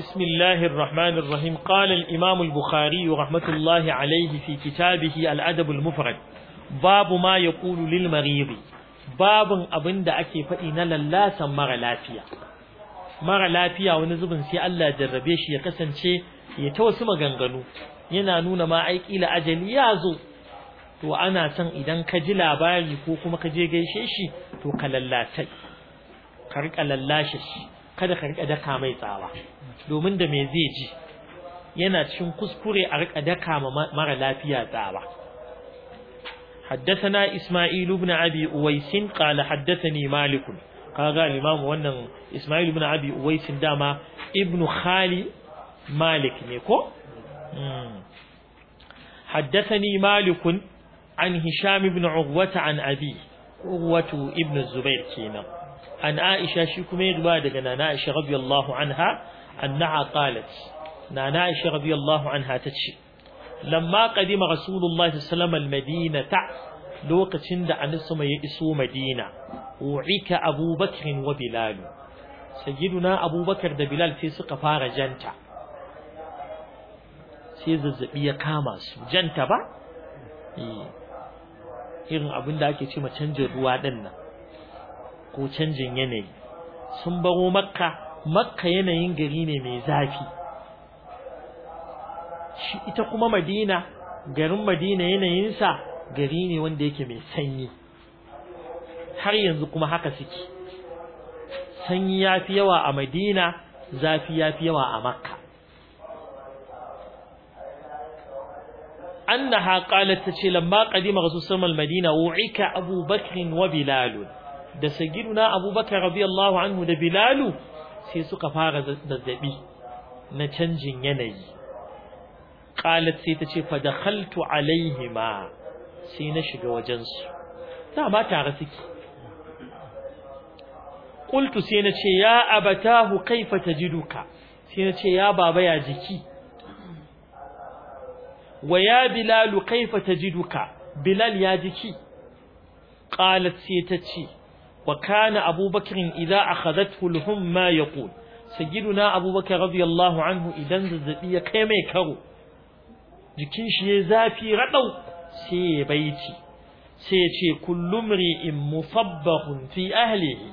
بسم الله الرحمن الرحيم قال الإمام البخاري رحمة الله عليه في كتابه الأدب المفرد باب ما يقول للمريض باب أبن دا أكي فإن للاسا مر لافيا مر لافيا ونزبن سي الله جربيش يقسن شي يتوسم غنغنو ينانون ما عيك إلى أجل يازو to ana son idan ka ji labari ko kuma ka je gaishe shi to ka lallatai ka riƙa lallashe shi kada ka rika daka mai tsawa domin da me zai ji yana cikin kuskure a rika daka mara lafiya tsawa حدثنا إسماعيل بن أبي أويس قال حدثني مالك قال الإمام وأن إسماعيل بن أبي أويس داما ابن خالي مالك نيكو حدثني مالك عن هشام بن عروة عن أبيه عروة ابن الزبير كينا an Aisha shi kuma ya ruwa daga Nana Aisha radiyallahu anha annaha qalat Nana Aisha radiyallahu anha tace lamma qadima Rasulullahi sallallahu alaihi wasallam lokacin da Anasuma ya iso Madina wu'ika Abubakar Bakr wa Bilal sayyiduna Abu Bakr da Bilal sai suka fara janta sai zazzabi ya kama su janta ba irin abin da ake ce ma canjin ruwa din nan ko canjin yanayi sun baro makka makka yanayin gari ne mai zafi shi ita kuma madina garin madina yanayinsa gari ne wanda yake mai sanyi har yanzu kuma haka suke sanyi ya fi yawa a madina zafi ya fi yawa a makka annaha qalat ta lamma qadima rasul sallallahu alaihi wasallam al-madina wu'ika abu wa bilal da Sagidu na abubakar radiyallahu anhu da bilalu sai suka fara zazzabi na canjin yanayi qalat sai ta ce fa dakhaltu alaihima sai na shiga wajen su ma tare suke qultu sai na ce ya abatahu kaifa tajiduka sai na ce ya baba ya jiki wa ya bilalu kaifa tajiduka bilal ya jiki qalat sai ta ce وكان أبو بكر إذا أخذته لهم ما يقول سيدنا أبو بكر رضي الله عنه إذا زبية كما يكرو jikin shi ya zafi raɗau sai ya baiti sai ya ce kullum ri'in musabbahun fi ahlihi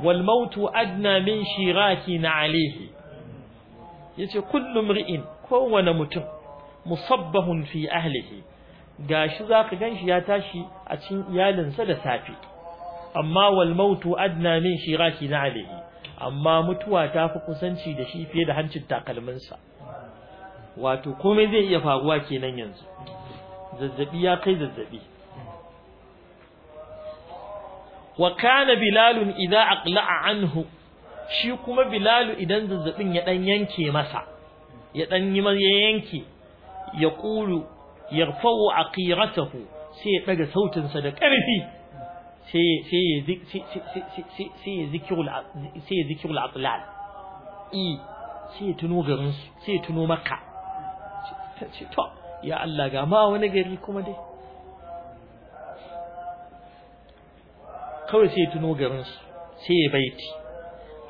wal mautu adna min shiraki na alihi ya ce kullum ri'in kowane mutum musabbahun fi ahlihi gashi za ka gan ya tashi a cikin iyalinsa da safe amma wal mautu adna min shiraki na alihi amma mutuwa ta fi kusanci da shi fiye da hancin takalminsa wato komai zai iya faruwa kenan yanzu zazzabi ya kai zazzabi wa kana bilalun idza aqla'a anhu shi kuma bilalu idan zazzabin ya dan yanke masa ya dan yi ya yanke ya qulu yarfa'u aqiratahu sai ya daga sautinsa da ƙarfi في في في في ذكر في ذكر الأطلال إي في تنوغر في تنو مكة يا الله ما ونقر لكم دي قوي سي تنوغر سي بيتي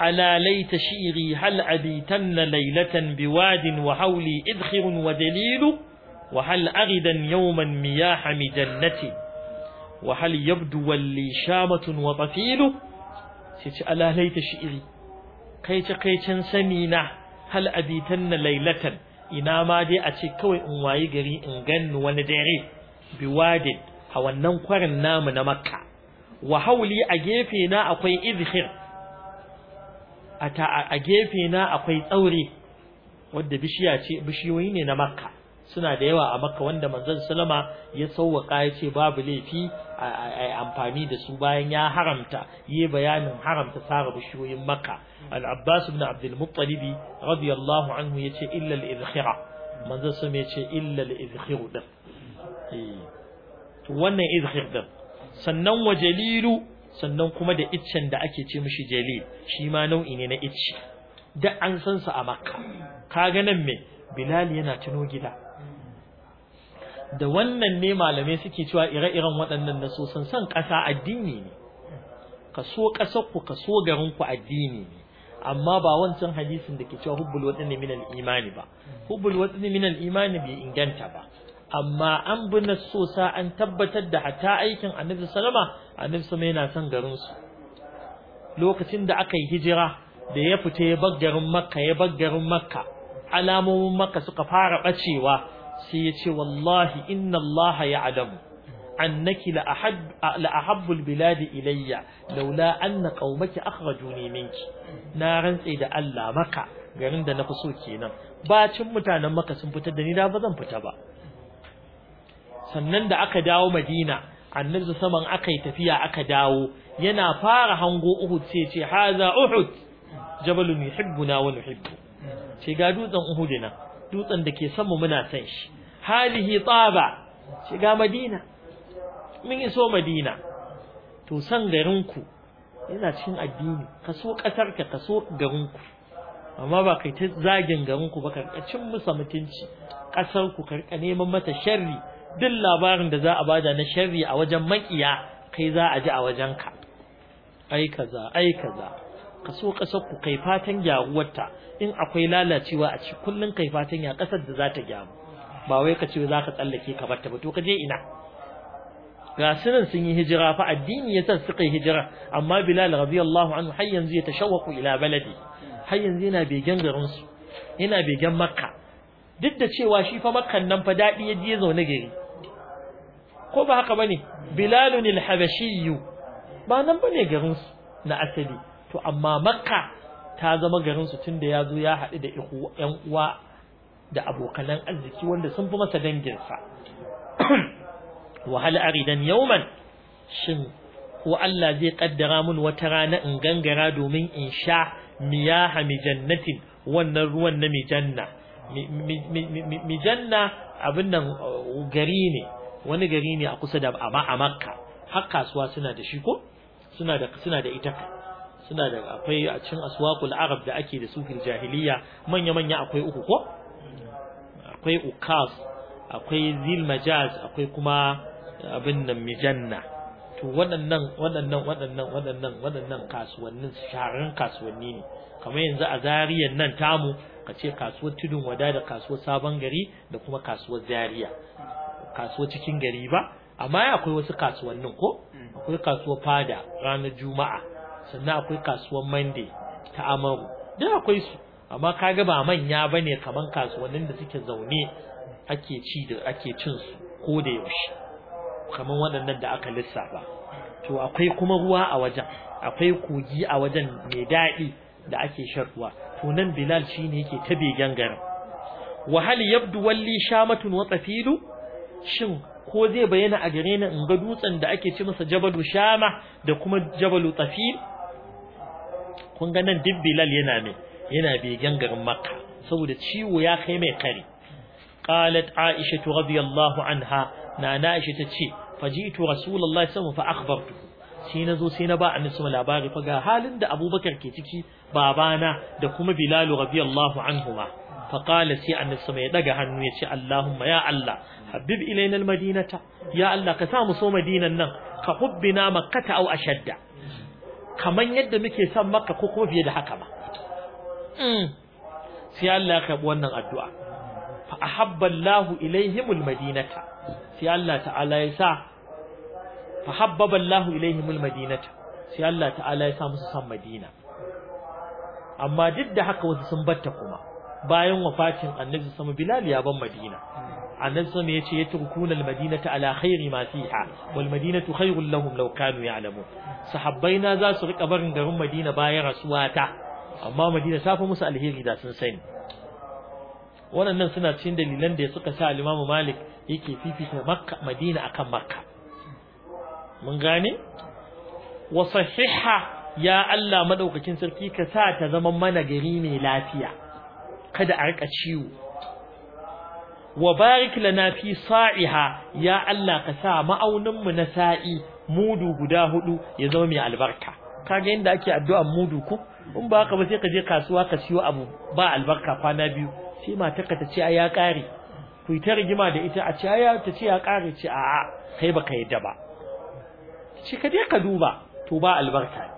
ألا ليت شيري هل عبيتن ليلة بواد وحولي إذخر ودليل وهل أغدا يوما مياح مجنتي wa hal yabdu walli shamatun wa tafilu sai ci ala laita shi'iri kai ce kai can sani na hal abitan na lailatan ina ma dai a ce kawai in wayi gari in ganni wani dare biwadin a wannan kwarin namu na makka wa hauli a gefe na akwai izhir a gefe na akwai tsaure wadda bishiya ce bishiyoyi ne na makka suna da yawa a makka wanda manzon sallama ya sauwaka ya ce babu laifi a amfani da su bayan ya haramta yi bayanin haramta sara bishiyoyin makka alabbas abbas ibn abdul muttalibi radiyallahu anhu ya ce illa izkhira manzon sallama ya ce izkhiru din eh. wannan izkhir din sannan wa jalilu sannan kuma da iccen da ake ce mishi jalil shi ma nau'i ne na icci da an san a makka kaga nan me bilal yana tuno gida da wannan ne malamai suke cewa ire-iren waɗannan nasosin san ƙasa addini ne so ƙasar ku kaso garin ku addini ne amma ba wancan hadisin da ke cewa hubbul watani min al-imani ba hubbul watani min al-imani bai inganta ba amma an bi nasosa an tabbatar da hatta aikin annabi sallama annabi sallama yana son garin su lokacin da aka yi hijira da ya fita ya bar garin makka ya bar garin makka alamomin makka suka fara bacewa sai ya ce wallahi inna Allah ya adamu annaki la'ahabbul biladi ilayya laula anna qaumaki akhrajuni minki na rantse da Allah maka garin da nafi so kenan bacin mutanen maka sun fitar da ni da ba zan fita ba sannan da aka dawo Madina annabi saman aka yi tafiya aka dawo yana fara hango Uhud sai ce haza Uhud jabalun yuhibbuna wa nuhibbu ce ga dutsen Uhud nan. dutsen da ke sama muna san shi halihi taba shiga madina mun iso madina to san garinku yana cikin addini kaso kasar ka kaso garinku amma ba kai ta zagin garinku ba cin musa mutunci kasar ku karka neman mata sharri duk labarin da za a bada na sharri a wajen makiya kai za a ji a wajenka ai kaza ai kaza ka so ƙasar ku kai fatan gyaruwarta in akwai lalacewa a ci kullun kai fatan ya kasar da za ta gyamu. ba wai ka ce za ka tsallake ka barta ba to ka je ina ga sunan sun yi hijira fa addini ya san suka yi hijira amma Bilal radiyallahu anhu har yanzu ya tashawwaqu ila baladi har yanzu yana begen garin su yana begen Makka duk da cewa shi fa Makkan nan fa dadi ya je zaune gari ko ba haka bane Bilalun al-Habashi ba nan bane garin su na asali to amma makka ta zama garinsu su tunda ya zo ya haɗu da yan uwa da abokanan arziki wanda sun fi masa danginsa wahal aridan yauman shin ko Allah zai ƙaddara mun wata rana in gangara domin in sha miyaha mi jannatin wannan ruwan na mijanna mijanna abin nan uh, gari ne wani gari ne a kusa da amma a makka har kasuwa suna da shi ko suna da suna da ita suna da akwai a cikin aswaqul arab da ake da sufin jahiliya manya manya akwai uku ko akwai ukaf akwai zil majaz akwai kuma abin nan mijanna to waɗannan waɗannan waɗannan waɗannan waɗannan kasuwannin sharan kasuwanni ne kamar yanzu a zariyan nan tamu ka ce kasuwar tudun wada da kasuwar sabon gari da kuma kasuwar zariya kasuwar cikin gari ba amma akwai wasu kasuwannin ko mm. akwai kasuwar fada ranar juma'a sannan akwai kasuwan Monday ta Amaru duk akwai su amma kaga ba manya bane kaman kasuwannin da suke zaune ake ci da ake cin su ko da yaushe kaman waɗannan da aka lissafa to akwai kuma ruwa a wajen akwai kogi a wajen mai daɗi da ake shan ruwa to nan Bilal shine yake ta begen garin wa hal yabdu walli shamatun wa tafilu shin ko zai bayyana a gare ni in ga dutsen da ake ci masa jabalu shama da kuma jabalu tafil kun nan duk bilal yana ne yana begen garin makka saboda ciwo ya kai mai kare qalat aisha radiyallahu anha na aisha ce fajitu rasulullahi sallallahu alaihi wasallam fa shi nazo sai na ba annabi sallallahu labari fa ga halin da abubakar ke ciki babana da kuma bilal radiyallahu anhuma fa qala sai annabi sallallahu ya ɗaga hannu ya ce allahumma ya allah habib ilayna madinata, ya allah ka sa mu so madinan nan ka hubbina makkata aw ashadda kamar yadda muke son maka ko kuma fiye da haka ba mm. sai Allah ya karbi wannan addu'a fa ahabba Allah ilaihimul madinata sai Allah ta'ala ya sa fa habbaba Allah ilaihimul madinata sai Allah ta'ala ya sa musu san Madina amma duk da haka wasu sun batta kuma bayan wafatin annabi sama bilal ya ban madina annabi sama yace yatrukuna almadinata ala khairi ma fiha wal madinatu khairul lahum law kanu ya'lamun sahabbaina za su rika barin garin madina bayan rasuwata amma madina ta fi musu alheri da sun sani waɗannan suna cikin dalilan da suka sa al-Imam Malik yake fifita Makka Madina akan Makka mun gane wa sahiha ya Allah madaukakin sarki ka sa ta zama mana gari mai lafiya kada a rika ciwo wa barik lana fi sa'iha ya Allah ka sa ma'aunin mu na sa'i mudu guda hudu ya zama mai albarka kaga inda ake addu'a mudu ku? in ba ka ba sai ka je kasuwa ka siyo abu ba albarka kwana biyu sai mata ta ce ya kare ku ta rigima da ita a ce ya tace ya kare ce a'a kai baka yadda ba ce ka je ka duba to ba albarka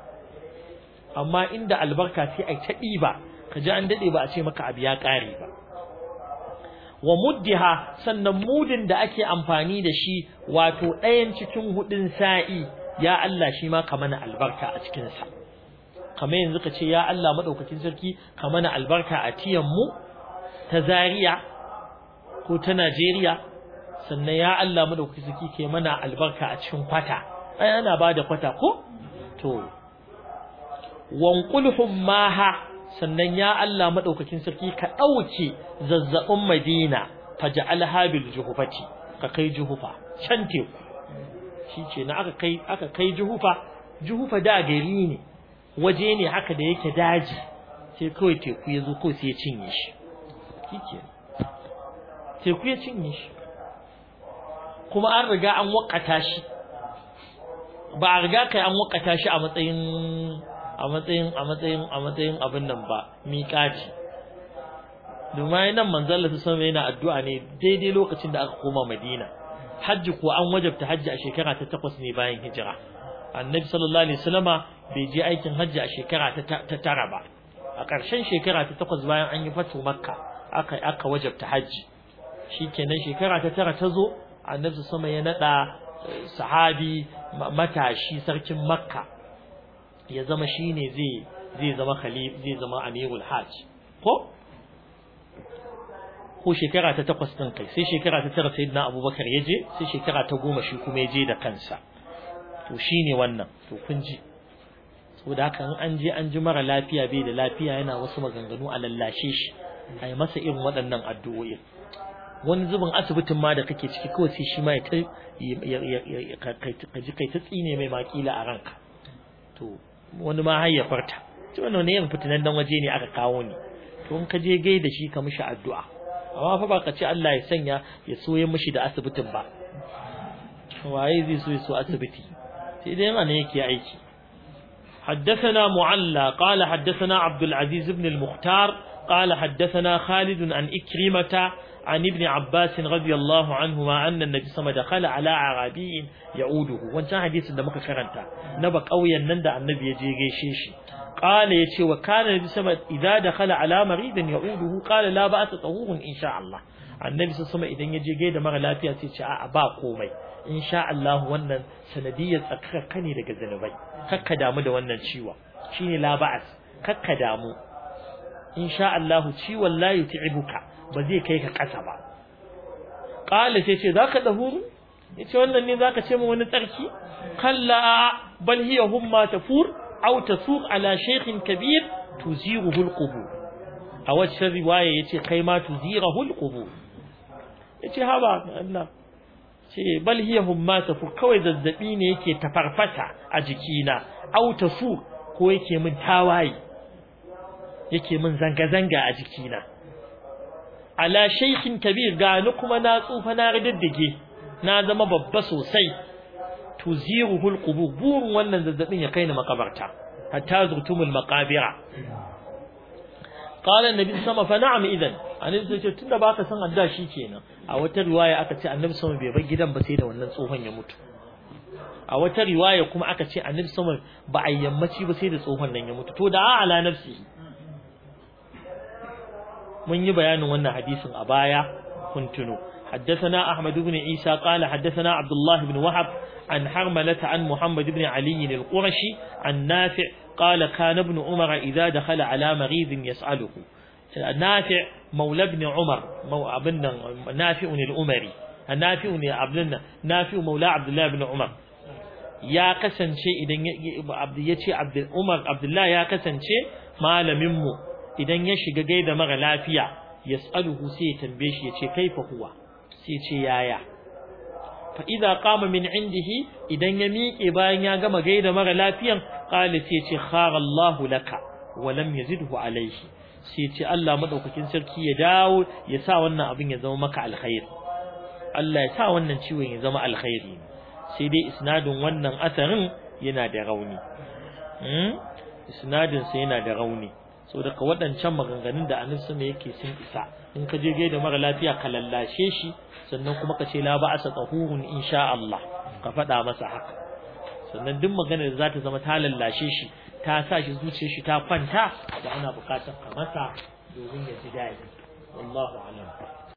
amma inda albarka sai ai ta ɗiba ka ji an dade ba a ce maka abu ya kare ba wa muddiha sannan mudin da ake amfani da shi wato ɗayan cikin hudun sa'i ya Allah shi ma ka mana albarka a cikin kamar yanzu ka ce ya Allah madaukakin sarki ka mana albarka a tiyan mu ta Zariya ko ta Najeriya sannan ya Allah madaukakin sarki ke mana albarka a cikin kwata ai ana bada kwata ko to wankulhum maha sannan ya Allah madaukakin sarki ka dauke zazzabin Madina faj'alha bil juhufati ka kai juhufa can teku shike na aka kai aka kai juhufa juhufa da gari ne waje ne haka da yake daji sai kawai teku ya zo ko sai ya cinye shi shike teku ya cinye shi kuma an riga an wakata shi ba a riga kai an wakata shi a matsayin a matsayin a matsayin a matsayin abin nan ba miƙati domin nan manzan Allah sama yana addu'a ne daidai lokacin da aka koma Madina hajji ko an wajabta hajji a shekara ta takwas ne bayan hijira annabi sallallahu alaihi wasallama bai je aikin hajji a shekara ta tara ba a ƙarshen shekara ta takwas bayan an yi fatu makka aka aka wajabta hajji shikenan shekara ta tara ta zo annabi sama ya nada eh, sahabi matashi sarkin makka ya zama shi ne zai zama khalif zai zama amirul hajj ko ko shekara ta takwas din kai sai shekara ta tara sayyidina abubakar ya je sai shekara ta goma shi kuma ya je da kansa to shi ne wannan to kun ji saboda haka in an je an ji mara lafiya bai da lafiya yana wasu maganganu a lallashe shi a yi masa irin waɗannan addu'o'in wani zubin asibitin ma da kake ciki kawai sai shi ma ya ji kai ta tsine mai makila a ranka to wani ma har ya farta to wannan ne yin fitinan dan waje ne aka kawo ni to in ka je gai da shi ka mishi addu'a amma fa ba ka ce Allah ya sanya ya soye mishi da asibitin ba waye zai so ya asibiti sai dai mana yake aiki حدثنا معلى قال حدثنا عبد العزيز بن المختار قال حدثنا خالد عن إكرمة عن ابن عباس رضي الله عنهما أن النبي صلى الله عليه وسلم دخل على عربي يعوده حديث da muka karanta na ba nan da annabi ya je gaishe shi qala yace wa kana nabi sama idza dakhala ala maridin ya'uduhu idan ya je gaida mara lafiya sai ce a'a ba komai insha Allah wannan sanadiyyar tsakaka ne daga zanubai kakka damu da wannan ciwo shine ba'as damu insha Allah ciwon la yutibuka ba zai kai ka kasa ba qala sai ce zaka dahuru yace wannan ne zaka ce mu wani tsarki kalla bal hiya humma tafur aw tasuq ala shaykhin kabir tuziruhu alqubur a wacce riwaya yace kai ma tuzirahu alqubur yace haba Allah ce bal hiya humma tafur kawai zazzabi ne yake tafarfata a jikina aw tasuq ko yake min tawaye yake min zanga-zanga a jikina ala Sheikhin kabir gani kuma na tsufa na riddige na zama babba sosai tuziruhu alqubur burin wannan zazzabin ya kaina makabarta hatta zurtumul maqabira qala annabi sama fa na'am idan sai ce tunda baka san adda kenan a wata riwaya aka ce annabi sama bai bar gidan ba sai da wannan tsohon ya mutu a wata riwaya kuma aka ce annabi sama ba a yammaci ba sai da tsohon nan ya mutu to da ala nafsihi. mun yi bayanin wannan hadisin a baya kun tuno حدثنا أحمد بن عيسى قال حدثنا عبد الله بن وهب عن حرملة عن محمد بن علي القرشي عن نافع قال كان ابن عمر إذا دخل على مغيظ يسأله نافع مولى ابن عمر مو ابن نافع الأمري نافع ابن نافع مولى عبد الله بن عمر ya kasance idan ya ce Umar Abdullahi ya kasance malaminmu idan ya shiga gaida mara lafiya yas'aluhu sai ya tambaye shi yace kaifa huwa sai ce yaya fa idza qama min indihi idan ya miƙe bayan ya gama gaida mara lafiyan qala sai ce khara Allahu laka wa lam yazidhu alayhi sai ce Allah madaukakin sarki ya dawo ya sa wannan abin ya zama maka alkhairi Allah ya sa wannan ciwon ya zama alkhairi sai dai isnadin wannan asarin yana da rauni hmm? isnadin yana da rauni so daga waɗancan maganganun da annabi mai yake sun isa in ka je da mara lafiya ka lallashe shi sannan kuma ka ce la ba'asa in insha Allah ka faɗa masa haka sannan duk maganar da za ta zama ta lallashe shi ta sa shi zuciyar shi ta kwanta da ana buƙatar ka masa domin ya ji daɗi wallahu a'lam